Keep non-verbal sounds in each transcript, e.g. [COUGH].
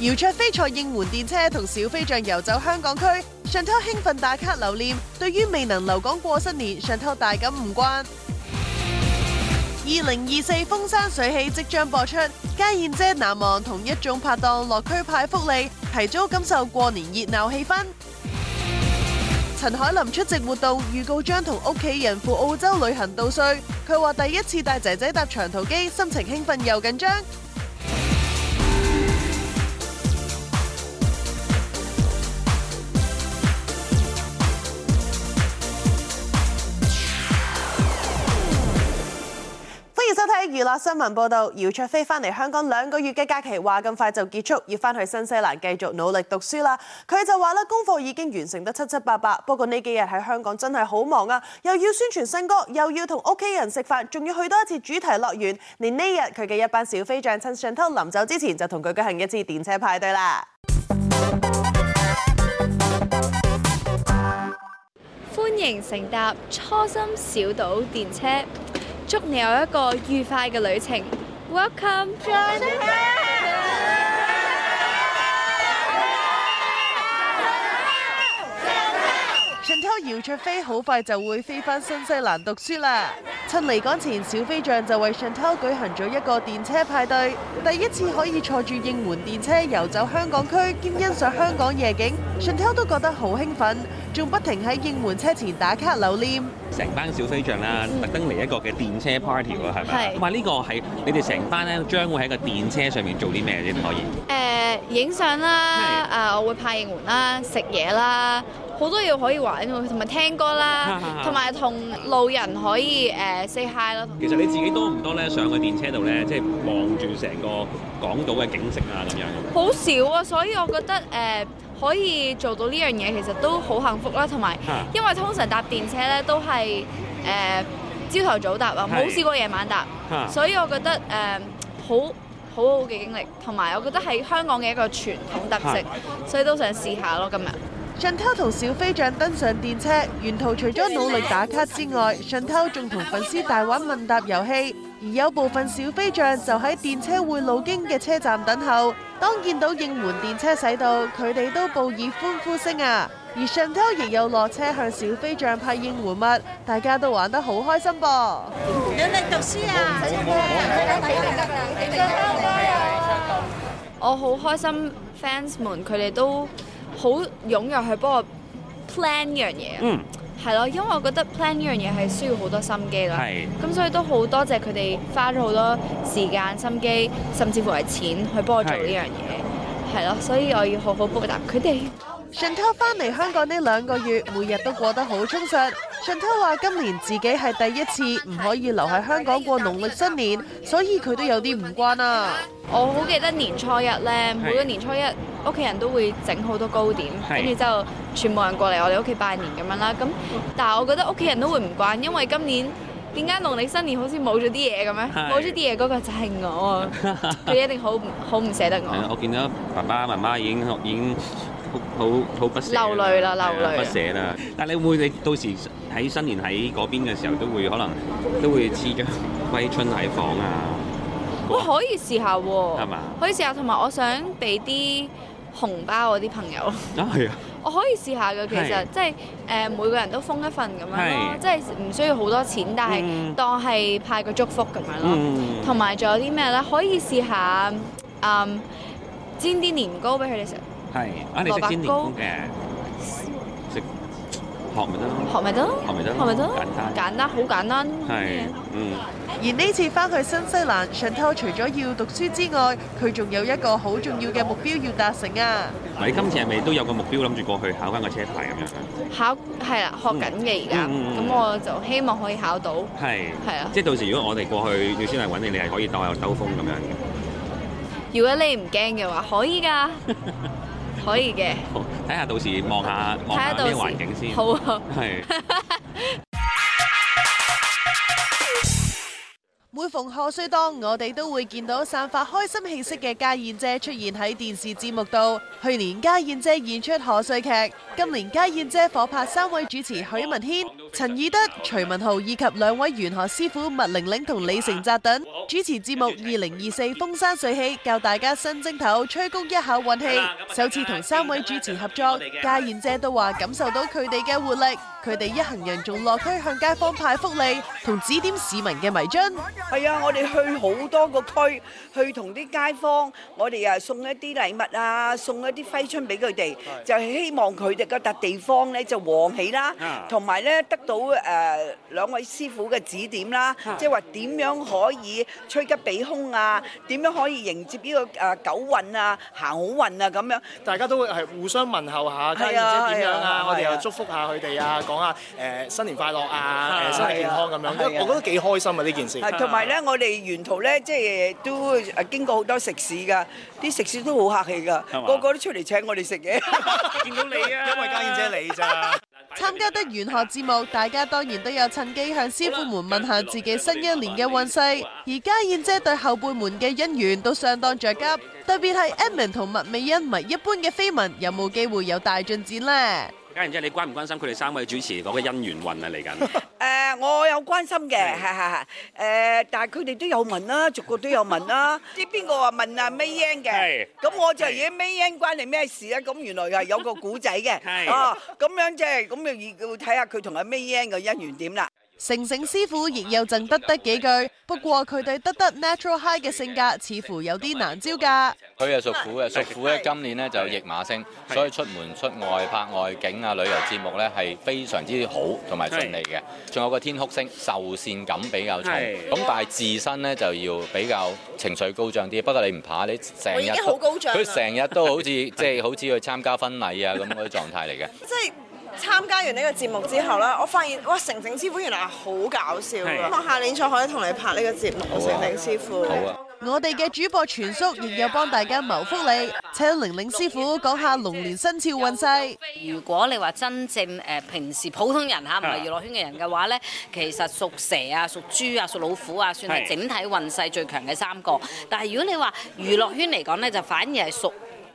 姚卓飛坐應援電車同小飛象遊走香港區，Chantel 興奮打卡留念。對於未能留港過新年，Chantel 大感唔慣。二零二四風生水起即將播出，家燕姐難忘同一眾拍檔落區派福利，提早感受過年熱鬧氣氛。陳海琳出席活動，預告將同屋企人赴澳洲旅行度歲。佢話第一次帶仔仔搭長途機，心情興奮又緊張。喺娛樂新聞報道，姚焯菲翻嚟香港兩個月嘅假期，話咁快就結束，要翻去新西蘭繼續努力讀書啦。佢就話啦，功課已經完成得七七八八，不過呢幾日喺香港真係好忙啊，又要宣傳新歌，又要同屋企人食飯，仲要去多一次主題樂園。連呢日佢嘅一班小飛象陳尚濤臨走之前就同佢舉行一次電車派對啦！歡迎乘搭初心小島電車。祝你有一個愉快嘅旅程。Welcome。姚焯菲好快就會飛翻新西蘭讀書啦！趁離港前，小飛象就為 Chantel 舉行咗一個電車派對，第一次可以坐住應援電車遊走香港區兼欣賞香港夜景，Chantel 都覺得好興奮，仲不停喺應援車前打卡留念。成班小飛象啦，特登嚟一個嘅電車 party 啊，係咪？同埋呢個係你哋成班咧，將會喺個電車上面做啲咩先可以？誒，影相啦，誒，我會派應援啦，食嘢啦。好多嘢可以玩喎，同埋聽歌啦，同埋同路人可以誒、uh, say hi 咯。其實你自己都多唔多咧？嗯、上個電車度咧，即係望住成個港島嘅景色啊咁樣。好少啊，所以我覺得誒、uh, 可以做到呢樣嘢，其實都好幸福啦、啊。同埋 [LAUGHS] 因為通常搭電車咧都係誒、uh, 朝頭早搭啊，冇試過夜晚搭， [LAUGHS] 所以我覺得誒、uh, 好，好好嘅經歷，同埋我覺得係香港嘅一個傳統特色， [LAUGHS] 所以都想試下咯今日。尚濤同小飛象登上電車，沿途除咗努力打卡之外，尚濤仲同粉絲大玩問答遊戲。而有部分小飛象就喺電車會路經嘅車站等候，當見到應援電車駛到，佢哋都報以歡呼聲啊！而尚濤亦有落車向小飛象派應援物，大家都玩得好開心噃！努力讀書啊！我好開心 fans 們佢哋都好踴躍去幫我 plan 呢樣嘢，嗯，係咯，因為我覺得 plan 呢樣嘢係需要好多心機啦，係的，咁所以都好多謝佢哋花咗好多時間、心機，甚至乎係錢去幫我做呢樣嘢，係咯的，所以我要好好報答佢哋。順偷翻嚟香港呢兩個月，每日都過得好充實。順偷話今年自己係第一次唔可以留喺香港過農曆新年，所以佢都有啲唔慣啊。 [LAUGHS] 我好記得年初一咧，每個年初一。 [LAUGHS] [LAUGHS] 屋企人都會整好多糕點，跟住之後全部人過嚟我哋屋企拜年咁樣啦。咁但係我覺得屋企人都會唔慣，因為今年點解農曆新年好似冇咗啲嘢嘅咩？冇咗啲嘢嗰個就係我，佢 [LAUGHS] 一定好好唔捨得我。我見到爸爸媽媽已經已經好好好不捨，流淚啦，流淚，不捨啦。 [LAUGHS] 但係你會你到時喺新年喺嗰邊嘅時候都會可能都會黐咗揮春喺房啊，我可以試下喎，係嘛？可以試下，可以試下，同埋我想俾啲。紅包嗰啲朋友，啊係啊，啊我可以試下嘅。其實是即係誒、呃、每個人都封一份咁樣咯，是即係唔需要好多錢，但係、嗯、當係派個祝福咁樣咯。同埋仲有啲咩咧？可以試下嗯、煎啲年糕俾佢哋食，係啊，你識煎年糕嘅。學咪得咯！學咪得！學咪得！學咪得！簡單，簡單，好簡單。係，嗯。而呢次翻去新西蘭，Shantao 除咗要讀書之外，佢仲有一個好重要嘅目標要達成啊。你今次係咪都有個目標諗住過去考翻個車牌咁樣？考係啦，學緊嘅而家，咁我就希望可以考到。係。係啊，即係到時如果我哋過去要先嚟揾你，你係可以帶我兜風咁樣嘅。如果你唔驚嘅話，可以㗎。可以嘅，睇下到時望下望下咩環境先是。好啊，係 [LAUGHS] 。每逢賀歲檔，我哋都會見到散發開心氣息嘅家燕姐出現喺電視節目度。去年家燕姐演出賀歲劇，今年家燕姐火拍三位主持許文軒、陳以德、徐文豪以及兩位玄學師傅麥玲玲同李丞責等主持節目《二零二四風生水起》，教大家新正頭吹高一口運氣。首次同三位主持合作，家燕姐都話感受到佢哋嘅活力。佢哋一行人仲落區向街坊派福利同指點市民嘅迷津。係啊，我哋去好多個區，去同啲街坊，我哋啊送一啲禮物啊，送一啲揮春俾佢哋，就係希望佢哋個笪地方咧就旺起啦，同埋咧得到誒兩位師傅嘅指點啦，即係話點樣可以趨吉避凶啊，點樣可以迎接呢個誒九運啊，行好運啊咁樣。大家都會係互相問候下，睇下點樣啊，我哋又祝福下佢哋啊，講，講下誒新年快樂啊！誒身體健康咁樣，我覺得幾開心啊！呢件事。同埋咧，我哋沿途咧，即係都經過好多食肆㗎，啲食肆都好客氣㗎，個個都出嚟請我哋食嘢。見到你啊，因為家燕姐你咋？參加得玄學節目，大家當然都有趁機向師傅們問下自己新一年嘅運勢。而家燕姐對後輩們嘅姻緣都相當著急，特別係 Edwin 同麥美恩唔係一般嘅緋聞，有冇機會有大進展咧？家陣即係你關唔關心佢哋三位主持嗰個姻緣運啊嚟緊？誒，我有關心嘅，係係係。誒，但係佢哋都有問啦，逐個都有問啦。即係邊個話問阿 May Young 嘅？係。咁我就而家 May Young 關你咩事啊？咁原來係有個古仔嘅。係。哦，咁樣啫，咁要要睇下佢同阿 May Young 嘅姻緣點啦。成成師傅亦有贈得得幾句，不過佢對得得 natural high 嘅性格似乎有啲難招架。佢係屬虎嘅，屬虎咧今年咧就驛馬星，所以出門出外拍外景啊、旅遊節目咧係非常之好同埋順利嘅。仲有個天哭星，受善感比較重，咁但係自身咧就要比較情緒高漲啲。不過你唔怕你成日，我已經好高漲。佢成日都好似即係好似去參加婚禮啊咁嗰啲狀態嚟嘅。即係。參加完呢個節目之後呢，我發現哇，成成師傅原來係好搞笑㗎，的希望下年再可以同你拍呢個節目，成成、啊、師傅。啊、我哋嘅主播全叔亦有幫大家謀福利，請玲玲師傅講下龍年生肖運勢。如果你話真正誒、呃、平時普通人吓唔係娛樂圈嘅人嘅話呢，其實屬蛇啊、屬豬啊、屬老虎啊，算係整體運勢最強嘅三個。但係如果你話娛樂圈嚟講呢，就反而係屬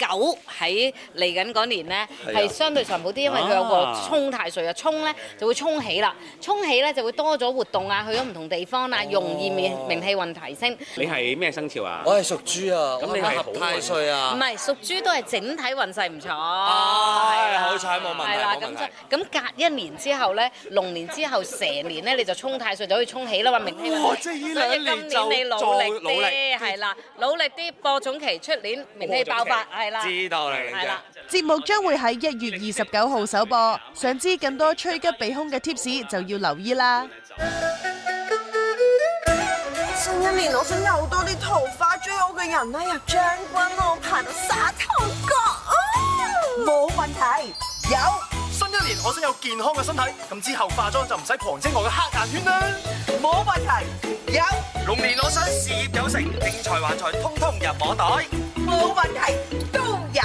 狗喺嚟緊嗰年咧，係相對上好啲，因為佢有個沖太歲啊，沖咧就會沖起啦，沖起咧就會多咗活動啊，去咗唔同地方啦，容易面名氣運提升。你係咩生肖啊？我係屬豬啊，我係合太歲啊。唔係屬豬都係整體運勢唔錯。哦，係好彩冇問題。係啦，咁咁隔一年之後咧，龍年之後蛇年咧，你就沖太歲就可以沖起啦嘛，名氣。我即係呢兩年就再努力啲，係啦，努力啲播種期出年名氣爆發，係。知道嚟嘅，對節目將會喺一月二十九號首播。知想知更多趨吉避凶嘅 tips 就要留意啦。新一年我想有多啲桃花追我嘅人拉入將軍澳排到沙頭角。哦，冇問題，有。新一年我想有健康嘅身體，咁之後化妝就唔使狂遮我嘅黑眼圈啦。冇問題，有。龍年我想事業有成，正財橫財，通通入我袋。冇問題，都有。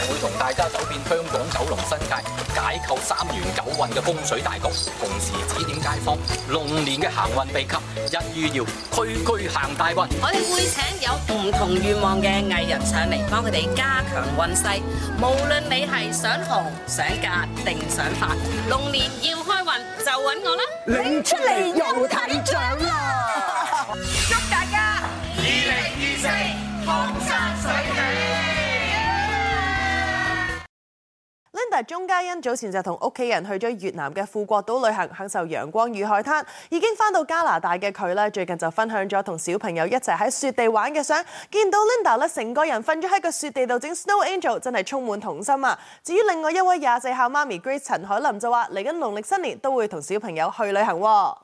我會同大家走遍香港九龍新界，解構三元九運嘅風水大局，同時指點街坊龍年嘅行運秘笈。日月搖，區區行大運。我哋會請有唔同願望嘅藝人上嚟，幫佢哋加強運勢。無論你係想紅、想嫁定想發，龍年要開運就揾我啦！拎出嚟，又睇獎。啦！鍾嘉欣早前就同屋企人去咗越南嘅富國島旅行，享受陽光與海灘。已經翻到加拿大嘅佢咧，最近就分享咗同小朋友一齊喺雪地玩嘅相，見到 Linda 咧成個人瞓咗喺個雪地度整 snow angel，真係充滿童心啊！至於另外一位廿四孝媽咪 Grace 陳凱琳就，就話，嚟緊農曆新年都會同小朋友去旅行，啊。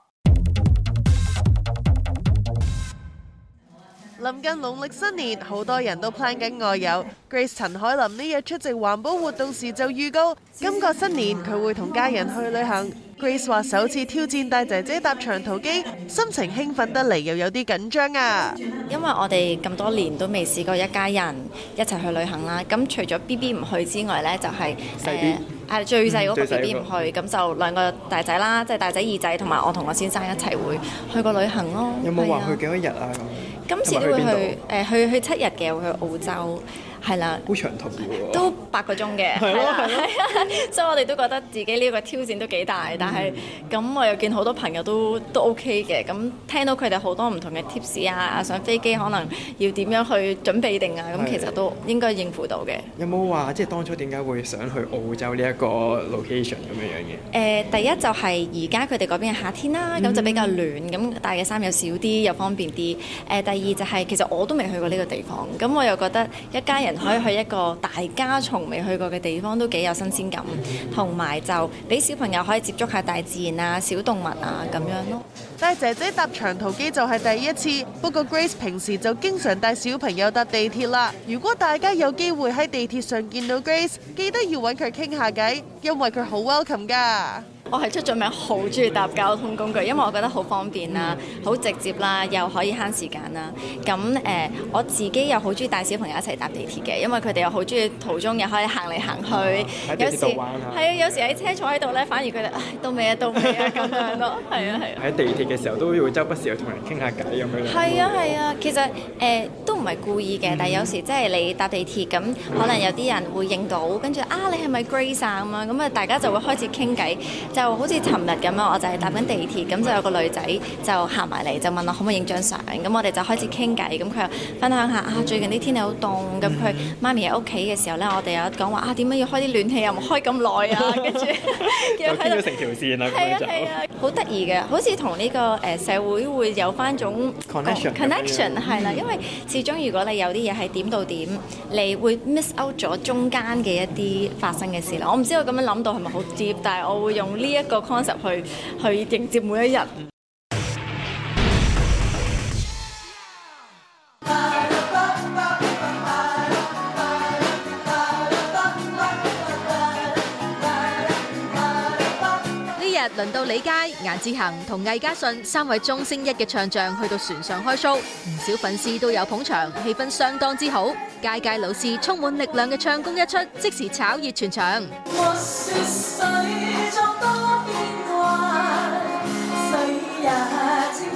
臨近農曆新年，好多人都 plan 緊外遊。Grace 陳凱琳，呢日出席環保活動時就預告，今個新年佢會同家人去旅行。Grace 話首次挑戰帶姐姐搭長途機，心情興奮得嚟，又有啲緊張啊！因為我哋咁多年都未試過一家人一齊去旅行啦。咁除咗 B B 唔去之外呢，就係誒係最細嗰個 B B 唔去，咁、嗯那個、就兩個大仔啦，即、就、係、是、大仔二仔同埋我同我先生一齊會去個旅行咯。有冇話去幾多日啊？今次都會去，誒去、呃、去、去七日嘅，會去澳洲。係啦，好長途嘅喎，都八個鐘嘅，係啊，啊， [LAUGHS] 啦 [LAUGHS] 所以我哋都覺得自己呢一個挑戰都幾大，嗯、但係咁我又見好多朋友都都 OK 嘅，咁聽到佢哋好多唔同嘅 tips 啊，上飛機可能要點樣去準備定啊，咁、嗯、其實都應該應付到嘅。有冇話即係當初點解會想去澳洲呢一個 location 咁樣樣嘅？誒、呃，第一就係而家佢哋嗰邊嘅夏天啦、啊，咁就比較暖，咁、嗯、帶嘅衫又少啲，又方便啲。誒、呃，第二就係、是、其實我都未去過呢個地方，咁我又覺得一家人、嗯。可以去一個大家從未去過嘅地方，都幾有新鮮感。同埋就俾小朋友可以接觸下大自然啊、小動物啊咁樣咯。帶姐姐搭長途機就係第一次，不過 Grace 平時就經常帶小朋友搭地鐵啦。如果大家有機會喺地鐵上見到 Grace，記得要揾佢傾下偈，因為佢好 welcome 㗎。我係出咗名，好中意搭交通工具，因為我覺得好方便啦，好直接啦，又可以慳時間啦。咁誒、呃，我自己又好中意帶小朋友一齊搭地鐵嘅，因為佢哋又好中意途中又可以行嚟行去。喺、啊、地鐵啊時，有時喺車坐喺度咧，反而佢哋唉，到尾 [LAUGHS] 啊，到尾啊咁樣咯。係啊，係、 [LAUGHS] 啊。喺地鐵嘅時候都要周不時同人傾下偈咁樣。係啊係啊，其實誒、呃、都唔係故意嘅，嗯、但係有時即係你搭地鐵咁，可能有啲人會認到，跟住啊，你係咪 Grace 啊咁啊，咁啊，大家就會開始傾偈。就好似尋日咁樣，我就係搭緊地鐵，咁就有個女仔就行埋嚟，就問我可唔可以影張相。咁我哋就開始傾偈，咁佢又分享下啊，最近啲天氣好凍。咁佢媽咪喺屋企嘅時候咧，我哋又講話啊，點解要開啲暖氣又唔開咁耐啊？跟住又傾到成條線啦，係啊係啊，好得意嘅，好似同呢個誒社會會有翻種 connection、啊、connection connection 係啦，因為始終如果你有啲嘢係點到點，你會 miss out 咗中間嘅一啲發生嘅事啦。 [LAUGHS] 我唔知我咁樣諗到係咪好接，但係我會用。呢一個 concept 去去迎接每一日。呢日輪到李佳、顏志恒同魏嘉信三位中星一嘅唱將去到船上開 show，唔少粉絲都有捧場，氣氛相當之好。佳佳老師充滿力量嘅唱功一出，即時炒熱全場。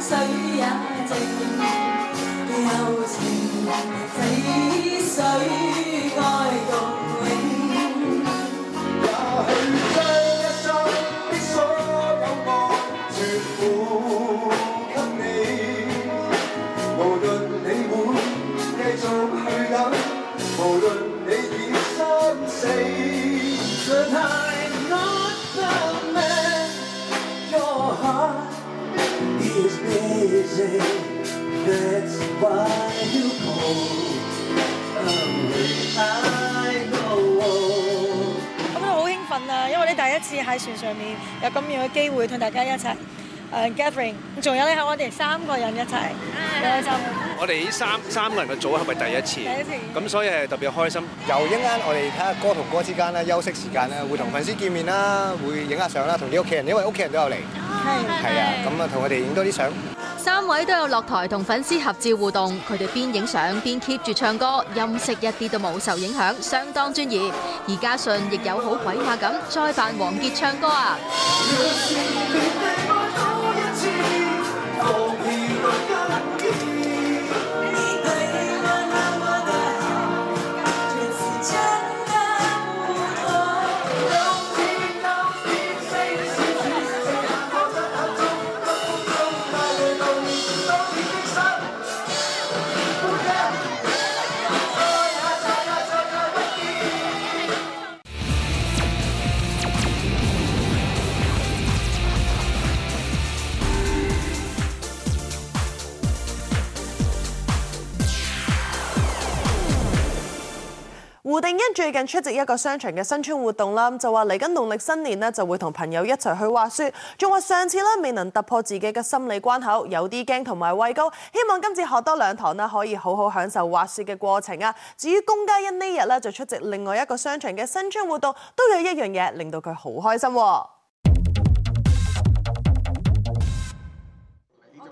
水也靜，柔情似水岸。一齊誒，Gathering，仲有咧，係我哋三個人一齊，開心。我哋呢三三個人嘅組合係咪第一次？第一次。咁所以係特別開心。又一間，我哋睇下歌同歌之間咧，休息時間咧，會同粉絲見面啦，會影下相啦，同啲屋企人，因為屋企人都有嚟，係啊，咁啊，同佢哋影多啲相。三位都有落台同粉絲合照互動，佢哋邊影相邊 keep 住唱歌，音色一啲都冇受影響，相當專業。而家信亦有好鬼馬咁，再扮王傑唱歌啊！胡定欣最近出席一個商場嘅新春活動啦，就話嚟緊農曆新年呢就會同朋友一齊去滑雪，仲話上次咧未能突破自己嘅心理關口，有啲驚同埋畏高，希望今次學多兩堂呢可以好好享受滑雪嘅過程啊。至於龔嘉欣呢日咧就出席另外一個商場嘅新春活動，都有一樣嘢令到佢好開心。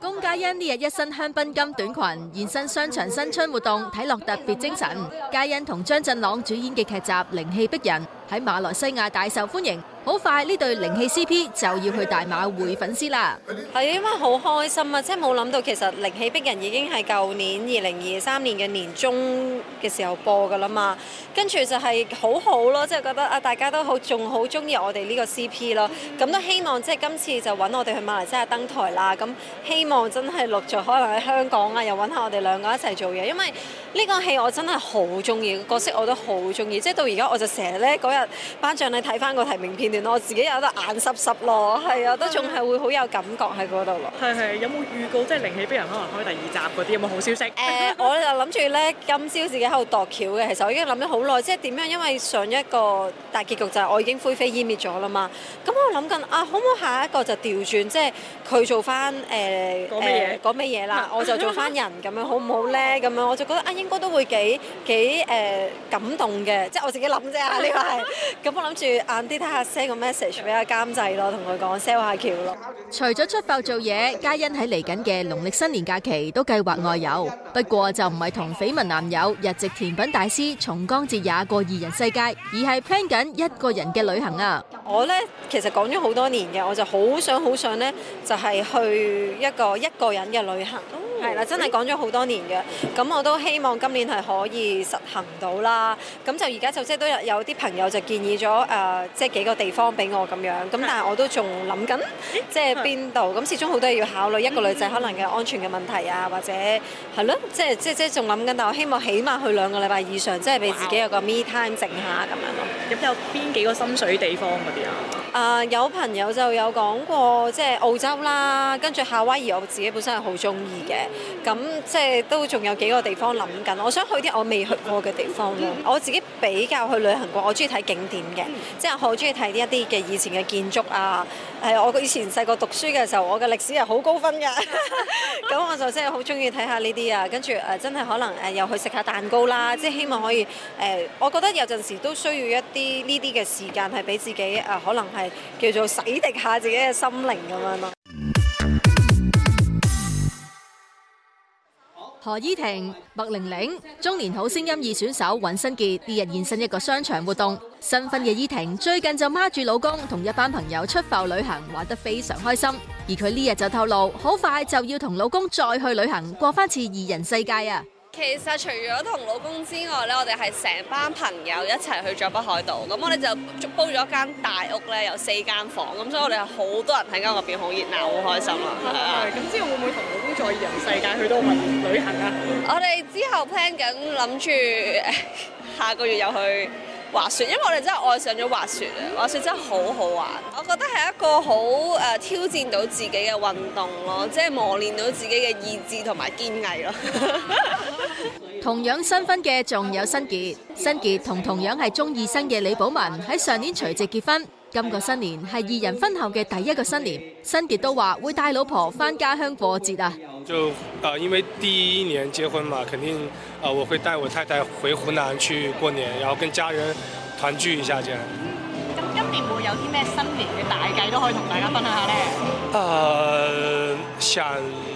龔嘉欣呢日一身香檳金短裙現身商場新春活動，睇落特別精神。嘉欣同張振朗主演嘅劇集靈氣逼人。喺馬來西亞大受歡迎，好快呢對靈氣 CP 就要去大馬會粉絲啦。係因為好開心啊，即係冇諗到其實靈氣逼人已經係舊年二零二三年嘅年中嘅時候播㗎啦嘛。跟住就係好好咯，即係覺得啊，大家都好仲好中意我哋呢個 CP 咯。咁都希望即係今次就揾我哋去馬來西亞登台啦。咁希望真係陸續可能喺香港啊，又揾下我哋兩個一齊做嘢。因為呢個戲我真係好中意，角色我都好中意。即係到而家我就成日咧嗰。班長，你睇翻個提名片段咯，我自己有得眼濕濕咯，係啊，都仲係會好有感覺喺嗰度咯。係係，有冇預告即係靈氣逼人可能開第二集嗰啲有冇好消息？誒，我就諗住咧今朝自己喺度度橋嘅，其實我已經諗咗好耐，即係點樣？因為上一個大結局就係我已經灰飛煙滅咗啦嘛，咁我諗緊啊，好唔好下一個就調轉，即係佢做翻誒講咩嘢講咩嘢啦，我就做翻人咁樣，好唔好咧？咁樣我就覺得啊，應該都會幾幾誒感動嘅，即係我自己諗啫，呢個係。咁、嗯、我諗住晏啲睇下 send 個 message 俾阿監製咯，同佢講 sell 下橋咯。除咗出埠做嘢，嘉欣喺嚟緊嘅農曆新年假期都計劃外遊，不過就唔係同緋聞男友、日籍甜品大師松岡節也過二人世界，而係 plan 緊一個人嘅旅行啊！我呢，其實講咗好多年嘅，我就好想好想呢，就係去一個一個人嘅旅行。係啦，真係講咗好多年嘅，咁我都希望今年係可以實行到啦。咁就而家就即係都有有啲朋友就建議咗誒、呃，即係幾個地方俾我咁樣。咁但係我都仲諗緊，即係邊度？咁始終好多嘢要考慮，一個女仔可能嘅安全嘅問題啊，或者係咯，即係即係即係仲諗緊。但我希望起碼去兩個禮拜以上，即係俾自己有個 me time 靜下咁樣咯。咁 Wow. 有邊幾個心水地方嗰啲啊？啊，uh, 有朋友就有講過，即係澳洲啦，跟住夏威夷，我自己本身係好中意嘅，咁即係都仲有幾個地方諗緊，我想去啲我未去過嘅地方喎，我自己比較去旅行過，我中意睇景點嘅，即係好中意睇啲一啲嘅以前嘅建築啊。係我以前細個讀書嘅時候，我嘅歷史係好高分㗎，咁 [LAUGHS] 我就真係好中意睇下呢啲啊，跟住誒真係可能誒、呃、又去食下蛋糕啦，嗯、即係希望可以誒、呃，我覺得有陣時都需要一啲呢啲嘅時間，係俾自己誒、呃，可能係叫做洗滌下自己嘅心靈咁樣咯。.何依婷、麥玲玲、中年好聲音二選手尹新杰呢日現身一個商場活動。新婚嘅依婷最近就孖住老公同一班朋友出埠旅行，玩得非常開心。而佢呢日就透露，好快就要同老公再去旅行，過翻次二人世界啊！其實除咗同老公之外呢我哋係成班朋友一齊去咗北海道。咁我哋就租租咗間大屋呢有四間房。咁所以我哋係好多人喺間入邊，好熱鬧，好開心啦。係啊。咁之後會唔會同老公再二人世界去多份旅行啊？ [LAUGHS] 我哋之後 plan 緊諗住下個月又去滑雪，因為我哋真係愛上咗滑雪啊！滑雪真係好好玩。我覺得係一個好誒、uh, 挑戰到自己嘅運動咯，即係磨練到自己嘅意志同埋堅毅咯。 [LAUGHS] 同樣新婚嘅仲有新杰。新杰同同樣係鍾意新嘅李寶文，喺上年除夕結婚，今個新年係二人婚後嘅第一個新年。新杰都話會帶老婆翻家鄉過節啊！就因為第一年結婚嘛，肯定我會帶我太太回湖南去過年，然後跟家人團聚一下這樣。咁、嗯、今年會有啲咩新年嘅大計都可以同大家分享下呢？想、呃。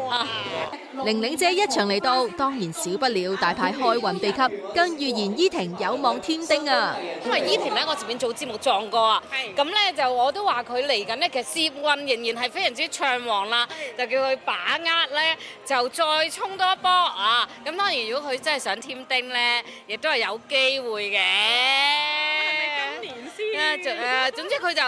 玲玲姐一場嚟到，當然少不了大派開運秘笈，跟預言伊婷有望添丁啊！因為伊婷咧，我前面做節目撞過啊，咁咧就我都話佢嚟緊咧，其實接運仍然係非常之暢旺啦，就叫佢把握咧，就再衝多一波啊！咁當然，如果佢真係想添丁咧，亦都係有機會嘅。啊，就誒，總之佢就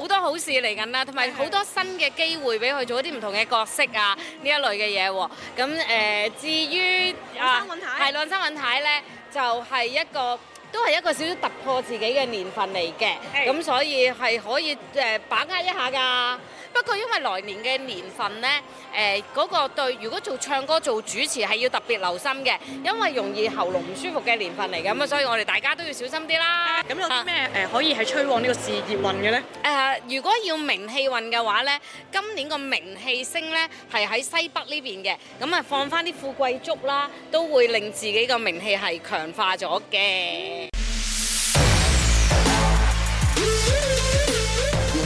好多好事嚟緊啦，同埋好多新嘅機會俾佢做一啲唔同嘅角色啊，呢一類嘅嘢喎。咁誒，至於係兩生韻體咧，就係、嗯嗯嗯嗯嗯嗯、一個都係一個少少突破自己嘅年份嚟嘅，咁、嗯嗯嗯嗯嗯、所以係可以誒、呃、把握一下㗎。不過因為來年嘅年份呢，誒、呃、嗰、那個對，如果做唱歌做主持係要特別留心嘅，因為容易喉嚨唔舒服嘅年份嚟嘅，咁啊所以我哋大家都要小心啲啦。咁有啲咩誒可以係催旺呢個事業運嘅呢？誒、啊，如果要名氣運嘅話呢，今年個名氣星呢係喺西北呢邊嘅，咁、嗯、啊放返啲富貴竹啦，都會令自己個名氣係強化咗嘅。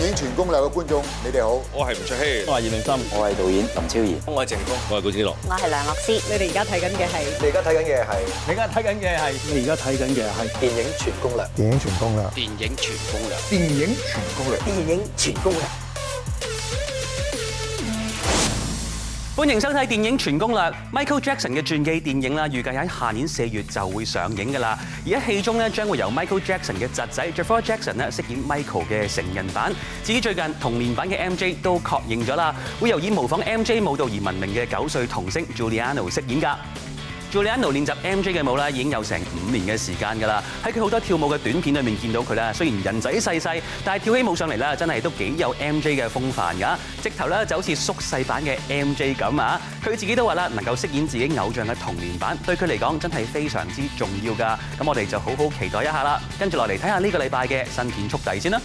影《全攻略》嘅觀眾，你哋好！我係吳卓羲，我係葉念琛，我係導演林超賢，我係程中，我係古之樂，我係梁洛施。你哋而家睇緊嘅係，你而家睇緊嘅係，你而家睇緊嘅係，你而家睇緊嘅係電影《全攻略》。電影《全攻略》。電影《全攻略》。電影《全攻略》。電影《全攻略》。歡迎收睇電影全攻略，Michael Jackson 嘅傳記電影啦，預計喺下年四月就會上映噶啦。而喺戲中咧，將會由 Michael Jackson 嘅侄仔 Jafar Jackson 咧飾演 Michael 嘅成人版。至於最近童年版嘅 MJ 都確認咗啦，會由以模仿 MJ 舞蹈而聞名嘅九歲童星 Juliano 飾演噶。朱利安奴練習 MJ 嘅舞啦，已經有成五年嘅時間㗎啦。喺佢好多跳舞嘅短片裏面見到佢啦。雖然人仔細細，但係跳起舞上嚟咧，真係都幾有 MJ 嘅風範㗎。直頭咧就好似縮細版嘅 MJ 咁啊！佢自己都話啦，能夠飾演自己偶像嘅童年版，對佢嚟講真係非常之重要㗎。咁我哋就好好期待一下啦。跟住落嚟睇下呢個禮拜嘅新片速遞先啦。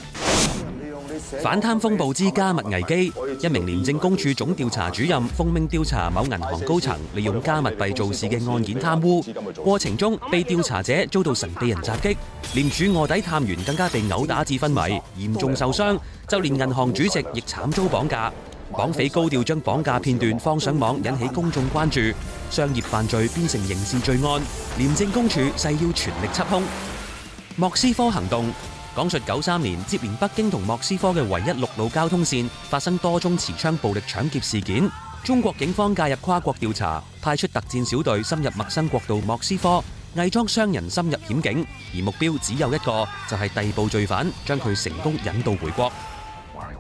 反貪風暴之加密危機，一名廉政公署總調查主任奉命調查某銀行高層利用加密幣做事嘅案件，貪污過程中，被調查者遭到神秘人襲擊，廉署臥底探員更加被毆打至昏迷，嚴重受傷；就連銀行主席亦慘遭綁架，綁匪高調將綁架片段放上網，引起公眾關注，商業犯罪變成刑事罪案，廉政公署誓要全力緝兇。莫斯科行動，講述九三年接連北京同莫斯科嘅唯一陸路交通線發生多宗持槍暴力搶劫事件，中國警方介入跨國調查，派出特戰小隊深入陌生國度莫斯科，偽裝商人深入險境，而目標只有一個，就係、是、逮捕罪犯，將佢成功引渡回國。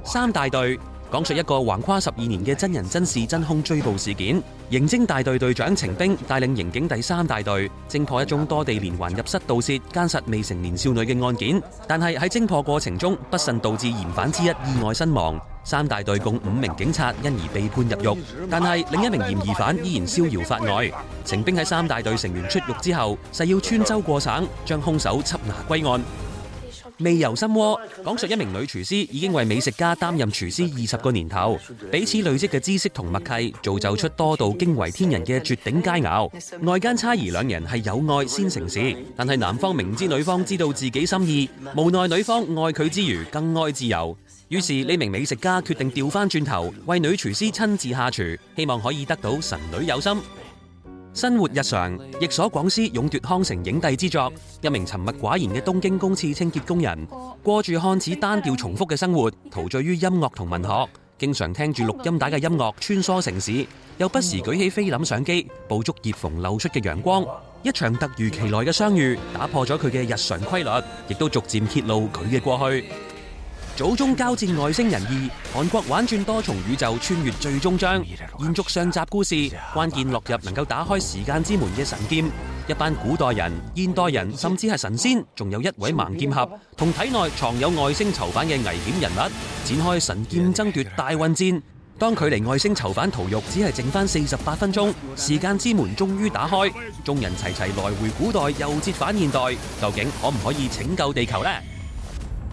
三大隊。講述一個橫跨十二年嘅真人真事真凶追捕事件。刑偵大隊隊長程兵帶領刑警第三大隊，偵破一宗多地連環入室盜竊、奸殺未成年少女嘅案件。但係喺偵破過程中，不慎導致嫌犯之一意外身亡。三大隊共五名警察因而被判入獄。但係另一名嫌疑犯依然逍遙法外。程兵喺三大隊成員出獄之後，誓要穿州過省，將凶手緝拿歸案。未由心窩講述一名女廚師已經為美食家擔任廚師二十個年頭，彼此累積嘅知識同默契，造就出多道驚為天人嘅絕頂佳肴。外間猜疑兩人係有愛先成事，但係男方明知女方知道自己心意，無奈女方愛佢之餘更愛自由，於是呢名美食家決定調返轉頭為女廚師親自下廚，希望可以得到神女有心。生活日常，役所廣司勇奪康城影帝之作。一名沉默寡言嘅東京公廁清潔工人，過住看似單調重複嘅生活，陶醉於音樂同文學，經常聽住錄音帶嘅音樂穿梭城市，又不時舉起菲林相機捕捉葉縫漏漏出嘅陽光。一場突如其來嘅相遇，打破咗佢嘅日常規律，亦都逐漸揭露佢嘅過去。祖宗交戰外星人二，韓國玩轉多重宇宙穿越最終章，延續上集故事，關鍵落入能夠打開時間之門嘅神劍。一班古代人、現代人，甚至係神仙，仲有一位盲劍俠，同體內藏有外星囚犯嘅危險人物，展開神劍爭奪大混戰。當距離外星囚犯屠戮只係剩翻四十八分鐘，時間之門終於打開，眾人齊齊來回古代又折返現代，究竟可唔可以拯救地球呢？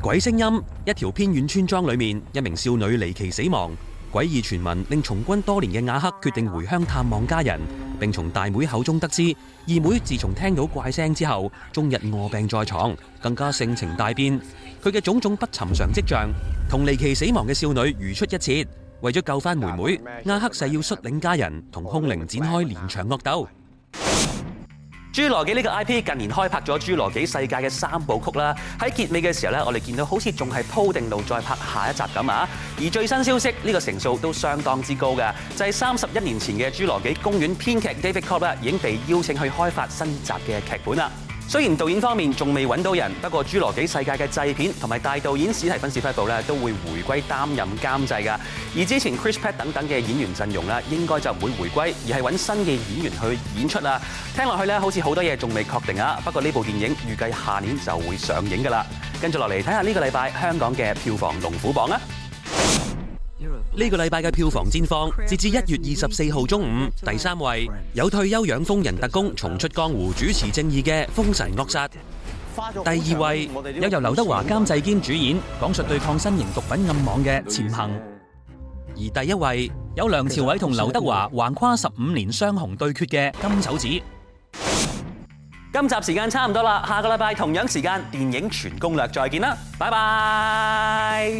鬼聲音，一條偏遠村莊裏面，一名少女離奇死亡，詭異傳聞令從軍多年嘅亞克決定回鄉探望家人，並從大妹口中得知二妹自從聽到怪聲之後，終日卧病在床，更加性情大變。佢嘅種種不尋常迹象，同離奇死亡嘅少女如出一轍。為咗救翻妹妹，亞克誓要率領家人同凶靈展開連場惡鬥。《侏羅紀》呢個 I P 近年開拍咗《侏羅紀世界》嘅三部曲啦，喺結尾嘅時候咧，我哋見到好似仲係鋪定路再拍下一集咁啊！而最新消息，呢個成數都相當之高嘅，就係三十一年前嘅《侏羅紀公園》編劇 David Koepp 咧，已經被邀請去開發新集嘅劇本啦。雖然導演方面仲未揾到人，不過侏羅紀世界嘅製片同埋大導演史提芬史匹堡咧都會回歸擔任監製噶，而之前 Chris Pratt 等等嘅演員陣容咧應該就唔會回歸，而係揾新嘅演員去演出啊！聽落去咧好似好多嘢，仲未確定啊，不過呢部電影預計下年就會上映噶啦，跟住落嚟睇下呢個禮拜香港嘅票房龍虎榜啊！呢個禮拜嘅票房戰況，截至一月二十四號中午，第三位有退休養蜂人特工重出江湖主持正義嘅《蜂神惡煞》，第二位有由劉德華監製兼主演，講述對抗新型毒品暗網嘅《潛行》，而第一位有梁朝偉同劉德華橫跨十五年雙雄對決嘅《金手指》。今集時間差唔多啦，下個禮拜同樣時間電影全攻略再見啦，拜拜。